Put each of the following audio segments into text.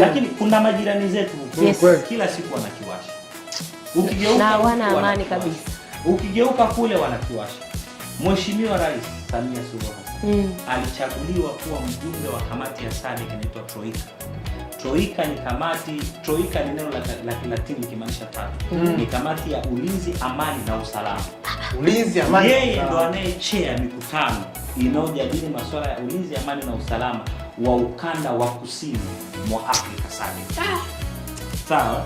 Lakini kuna majirani zetu yes. Kila siku wanakiwasha, ukigeuka na wana amani kabisa, ukigeuka kule wanakiwasha. Mheshimiwa Rais Samia Suluhu mm. alichaguliwa kuwa mjumbe wa kamati ya SADC inaitwa Troika Troika ni kamati, troika ni neno la Kilatini ikimaanisha tatu. Mm. Ni kamati ya ulinzi, amani na usalama. Ulinzi, amani. Yeye ndo anayechea mikutano inayojadili masuala ya ulinzi, amani na usalama wa ukanda wa kusini mwa Afrika SADC. Sawa?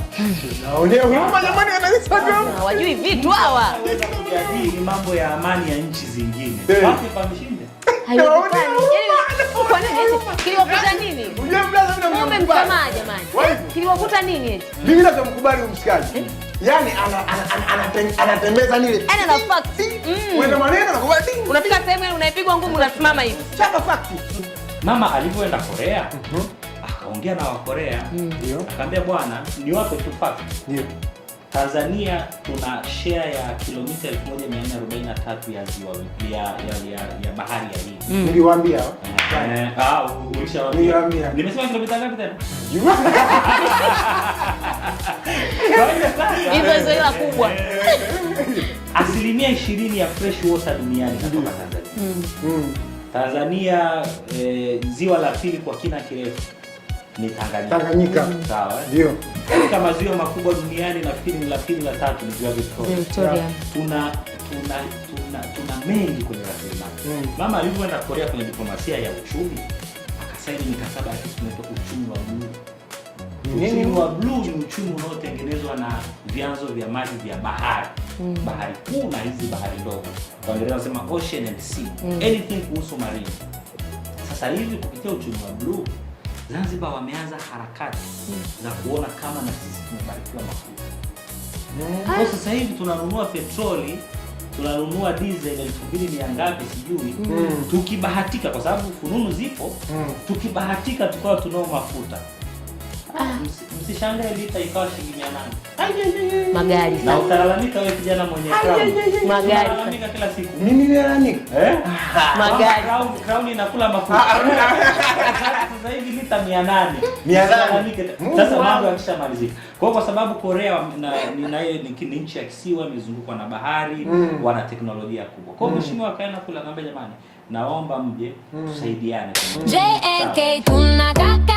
vitu hawa. Kujadili mambo ya amani ya nchi zingine. Eh. Wapi yaani, Kwa jamaa jamani. Kiliwakuta nini eti? Mimi nachomkubali mshikaji. Eh? Yaani anatembeza nile. Yaani ana mm. na fact. Wewe maneno Unafika sehemu ile yaani unaipigwa unasimama hivi. Chapa fact. Mama alivyoenda Korea, mhm. akaongea na Wakorea, mm. akaambia bwana, ni wape tu fact. Ndio. Tanzania tuna share ya kilomita 1443 ya ziwa ya ya bahari ya Hindi. Niliwaambia. Eh, ah, kubwa. Asilimia ishirini ya fresh water duniani kutoka Tanzania. Mm. Mm. Tanzania eh, ziwa la pili kwa kina kirefu ni Tanganyika. Sawa. Ndio. Yaani Katika maziwa makubwa duniani nafikiri ni la pili la tatu ni Ziwa Victoria. kuna tuna tuna tuna mengi kwenye rasilimali mm. Mama alivyoenda Korea kwenye diplomasia ya uchumi akasaini mikataba ya kitu kinaitwa uchumi wa bluu. Mm. Uchumi wa bluu ni uchumi unaotengenezwa na vyanzo vya maji vya bahari mm. bahari kuu na hizi bahari ndogo, Waingereza wanasema ocean and sea mm. anything kuhusu marine. Sasa hivi kupitia uchumi wa bluu Zanzibar wameanza harakati mm. za kuona kama na sisi tumebarikiwa mafuta. Mm. Sasa hivi tunanunua petroli tunanunua diesel elfu mbili mia ngapi sijui mm. Tukibahatika kwa sababu fununu zipo mm. Tukibahatika tukawa tunao mafuta Msishangae lita ikawa shilingi mia nane. Magari na utalalamika wewe kijana mwenye Magari kila siku. Mimi nilalamika? Eh? Ah, ah, magari. Crown crown inakula mafuta. Ah, Sasa hivi lita 800. 800. Sasa mambo yakishamalizika. Kwa kwa sababu Korea na ni nchi ya kisiwa imezungukwa na bahari, mm. wana teknolojia kubwa. Kwa hiyo mm. mheshimiwa akaenda kula ng'ombe jamani. Naomba mje mm. tusaidiane. JNK tunakaka